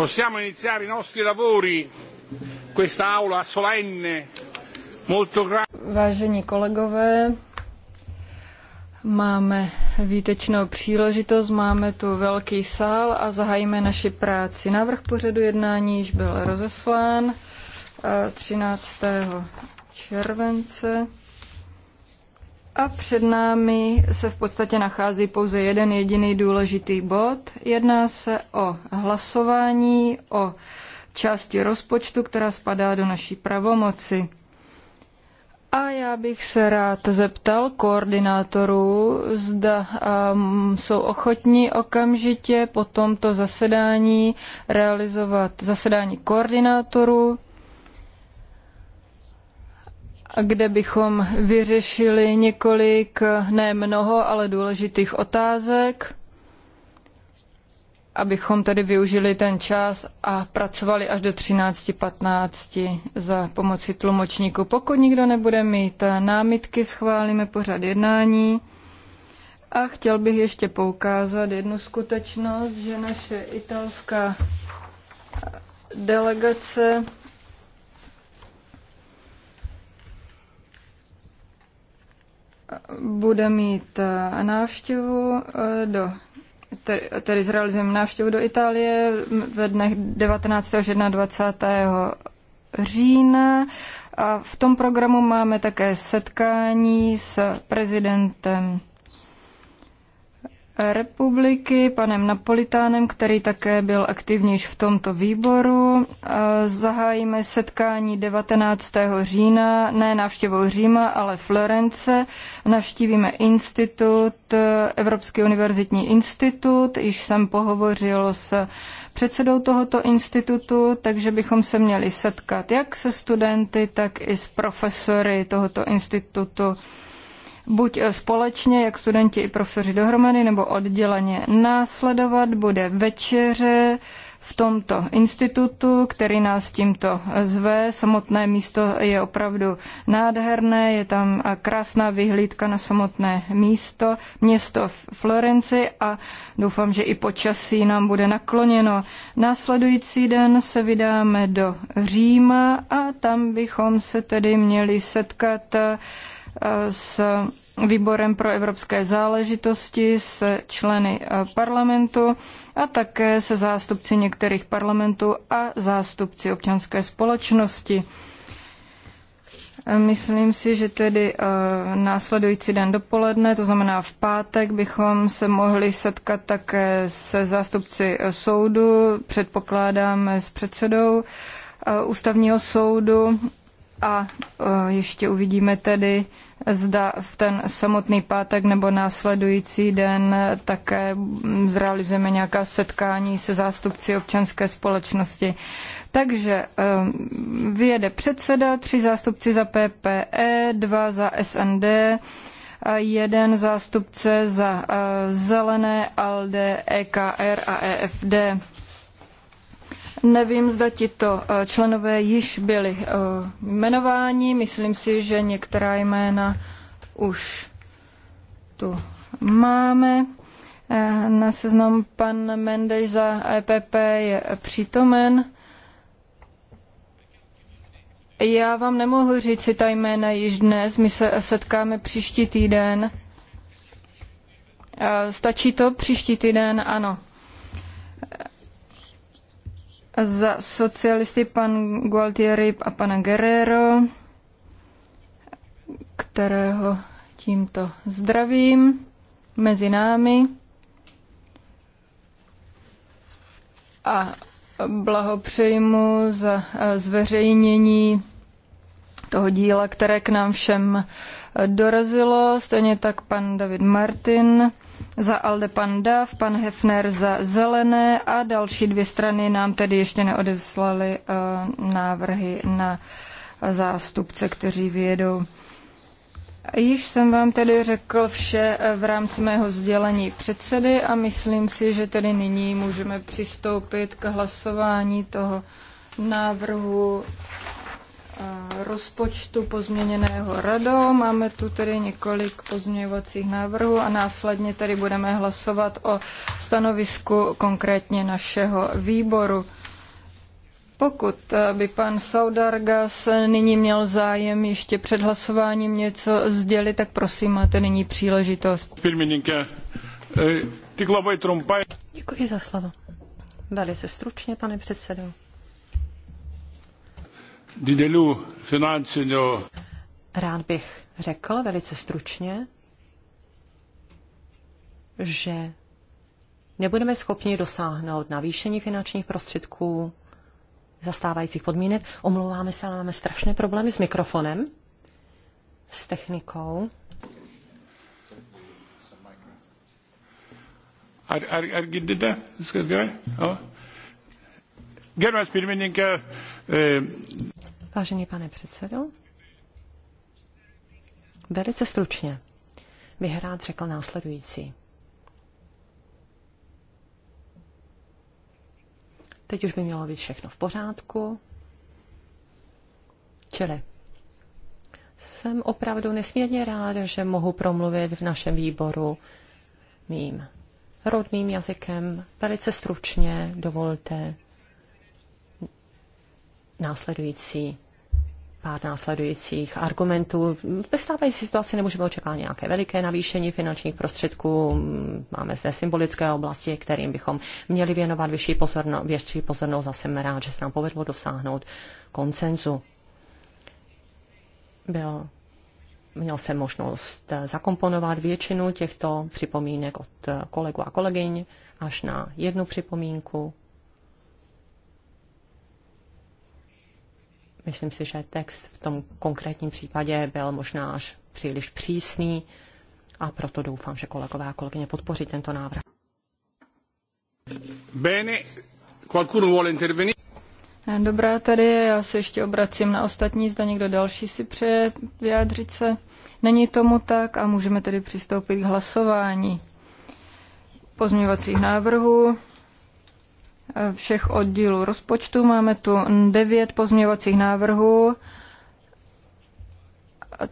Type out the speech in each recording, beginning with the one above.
Possiamo iniziare i nostri lavori, questa aula solenne, molto grande. Vážení kolegové, máme výtečnou příležitost, máme tu velký sál a zahajíme naši práci. Návrh pořadu jednání již byl rozeslán 13. Eh, července. A před námi se v podstatě nachází pouze jeden jediný důležitý bod. Jedná se o hlasování o části rozpočtu, která spadá do naší pravomoci. A já bych se rád zeptal koordinátorů, zda um, jsou ochotní okamžitě po tomto zasedání realizovat zasedání koordinátorů kde bychom vyřešili několik, ne mnoho, ale důležitých otázek, abychom tedy využili ten čas a pracovali až do 13.15 za pomoci tlumočníku. Pokud nikdo nebude mít námitky, schválíme pořad jednání. A chtěl bych ještě poukázat jednu skutečnost, že naše italská delegace bude mít eh, návštěvu eh, do tedy zrealizujeme návštěvu do Itálie ve dnech 19. až 21. října. A v tom programu máme také setkání s prezidentem republiky, panem Napolitánem, který také byl aktivnější v tomto výboru. Zahájíme setkání 19. října, ne návštěvou Říma, ale Florence. Navštívíme institut, Evropský univerzitní institut, již jsem pohovořil s předsedou tohoto institutu, takže bychom se měli setkat jak se studenty, tak i s profesory tohoto institutu buď eh, společně, jak studenti i profesoři dohromady, nebo odděleně. Následovat bude večeře v tomto institutu, který nás tímto eh, zve. Samotné místo je opravdu nádherné, je tam eh, krásná vyhlídka na samotné místo, město v Florenci a doufám, že i počasí nám bude nakloněno. Následující den se vydáme do Říma a tam bychom se tedy měli setkat s výborem pro evropské záležitosti, s členy eh, parlamentu a také se zástupci některých parlamentů a zástupci občanské společnosti. Myslím si, že tedy eh, následující den dopoledne, to znamená v pátek, bychom se mohli setkat také se zástupci eh, soudu, předpokládám, s předsedou ústavního soudu a e, ještě uvidíme tedy, zda v ten samotný pátek nebo následující den také zrealizujeme nějaká setkání se zástupci občanské společnosti. Takže e, vyjede předseda, tři zástupci za PPE, dva za SND, a jeden zástupce za e, Zelené, ALDE, EKR a EFD. Nevím, zda tito eh, členové již byli eh, jmenováni. Myslím si, že některá jména už tu máme. Eh, na seznam pan Mendeš za EPP je přítomen. Já vám nemohu říct si ta jména již dnes, my se setkáme příští týden. Stačí to příští týden? Ano. Za socialisty pan Gualtieri a pana Guerrero, kterého tímto zdravím mezi námi. A blahopřeji mu za eh, zveřejnění toho díla, které k nám všem eh, dorazilo. Stejně tak pan David Martin, za Alde pan Dav, pan Hefner za Zelené a další dvě strany nám tedy ještě neodeslaly eh, návrhy na zástupce, kteří vyjedou. Již jsem vám tedy řekl vše eh, v rámci mého sdělení předsedy a myslím si, že tedy nyní můžeme přistoupit k hlasování toho návrhu rozpočtu pozměněného radou. Máme tu tedy několik pozměňovacích návrhů a následně tedy budeme hlasovat o stanovisku konkrétně našeho výboru. Pokud by pan Saudargas nyní měl zájem ještě před hlasováním něco sdělit, tak prosím, máte nyní příležitost. E, Děkuji za slovo. Velice stručně, pane předsedo didelių Rád bych řekl velice stručně, že nebudeme schopni dosáhnout navýšení finančních prostředků zastávajících podmínek. Omlouváme se, ale máme strašné problémy s mikrofonem, s technikou. Ar, ar, ar girdite? Viskas gerai? O. pirmininkė. E... Eh, Vážený pane předsedo, velice stručně bych rád řekl následující. Teď už by mělo být všechno v pořádku. Čili jsem opravdu nesmírně rád, že mohu promluvit v našem výboru mým rodným jazykem. Velice stručně dovolte následující pár následujících argumentů. Ve stávající situaci nemůžeme očekávat nějaké veliké navýšení finančních prostředků. Máme zde symbolické oblasti, kterým bychom měli věnovat vyšší pozornost. Větší pozornost a jsem rád, že se nám povedlo dosáhnout koncenzu. Byl Měl jsem možnost zakomponovat většinu těchto připomínek od kolegu a kolegyň až na jednu připomínku Myslím si, že text v tom konkrétním případě byl možná až příliš přísný a proto doufám, že kolegové a kolegyně podpoří tento návrh. Bene, qualcuno vuole intervenire? Dobrá, tady já se ještě obracím na ostatní, zda někdo další si přeje vyjádřit se. Není tomu tak a můžeme tedy přistoupit k hlasování pozměňovacích návrhů všech oddílů rozpočtu. Máme tu devět pozměňovacích návrhů.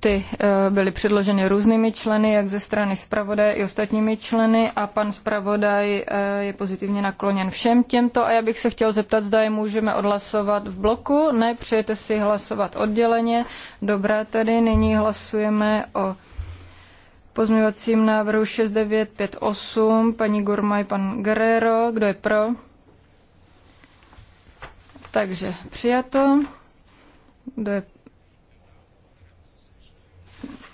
Ty eh, byly předloženy různými členy, jak ze strany zpravodaje i ostatními členy a pan zpravodaj eh, je pozitivně nakloněn všem těmto a já bych se chtěl zeptat, zda je můžeme odhlasovat v bloku. Ne, přejete si hlasovat odděleně. Dobrá, tedy nyní hlasujeme o pozměňovacím návrhu 6958, paní Gurmaj, pan Guerrero. Kdo je pro? Takže přijato. Jde...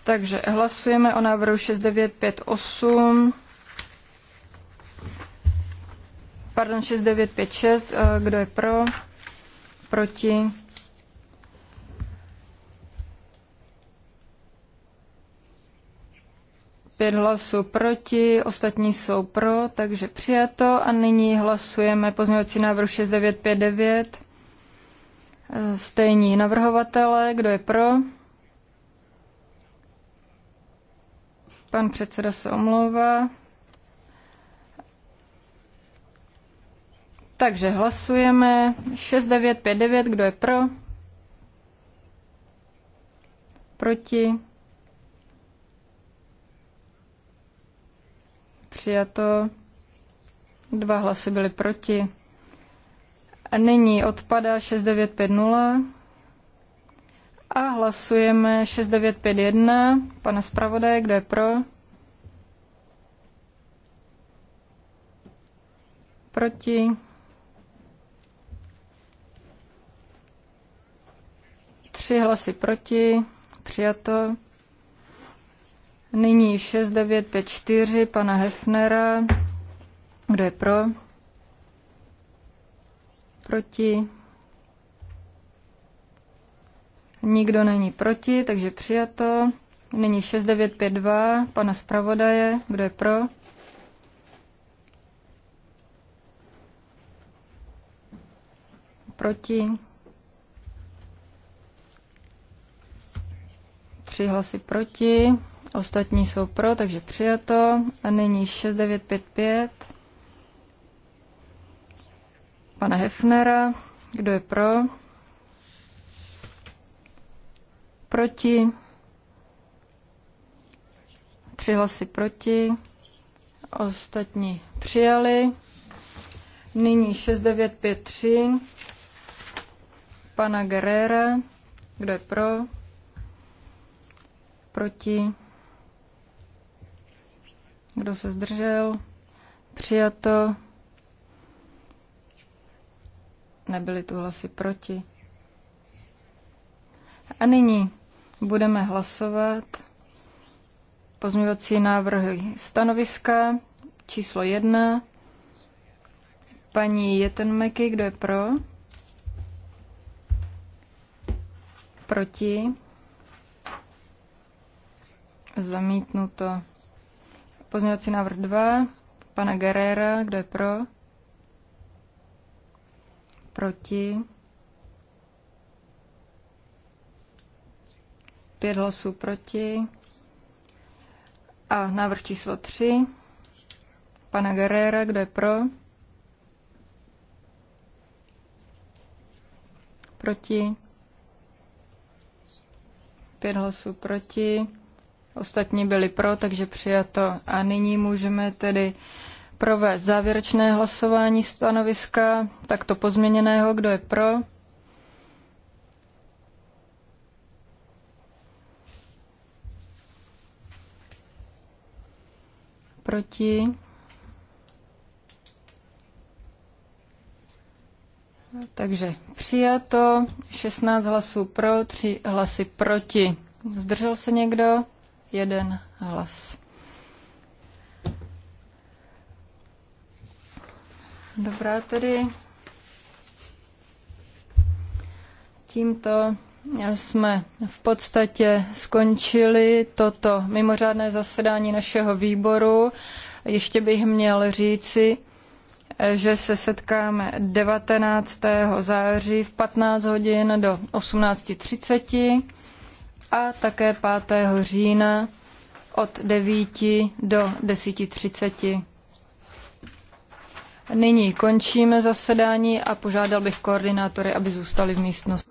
Takže hlasujeme o návrhu 6958. Pardon, 6956. Eh, kdo je pro? Proti? Pět hlasů proti, ostatní jsou pro, takže přijato. A nyní hlasujeme pozměňovací návrh 6959. Stejní navrhovatele, kdo je pro? Pan předseda se omlouvá. Takže hlasujeme 6959, kdo je pro? Proti? Přijato. Dva hlasy byly proti nyní odpadá 6950 a hlasujeme 6951. Pane zpravodaje, kdo je pro? Proti? Tři hlasy proti. Přijato. Nyní 6954 pana Hefnera. Kdo je pro? proti. Nikdo není proti, takže přijato. není 6952 pana zpravodaje. Kdo je pro? Proti? Tři hlasy proti. Ostatní jsou pro, takže přijato. A nyní 6955 pana Hefnera. Kdo je pro? Proti? Tři hlasy proti. Ostatní přijali. Nyní 6953 pana Guerrera. Kdo je pro? Proti? Kdo se zdržel? Přijato nebyly tu hlasy proti. A nyní budeme hlasovat pozměňovací návrhy stanoviska číslo jedna. Paní Jetenmeky, kdo je pro? Proti? Zamítnuto. Pozměňovací návrh 2. Pana Guerrera, kdo je pro? Proti? Pět hlasů proti. A návrh číslo tři. Pana Guerrera, kdo je pro? Proti? Pět hlasů proti. Ostatní byli pro, takže přijato. A nyní můžeme tedy provést závěrečné hlasování stanoviska takto pozměněného. Kdo je pro? Proti? Takže přijato 16 hlasů pro, 3 hlasy proti. Zdržel se někdo? Jeden hlas. Dobrá tedy. Tímto jsme v podstatě skončili toto mimořádné zasedání našeho výboru. Ještě bych měl říci, že se setkáme 19. září v 15 hodin do 18.30 a také 5. října od 9 do 10.30. Nyní končíme zasedání a požádal bych koordinátory, aby zůstali v místnosti.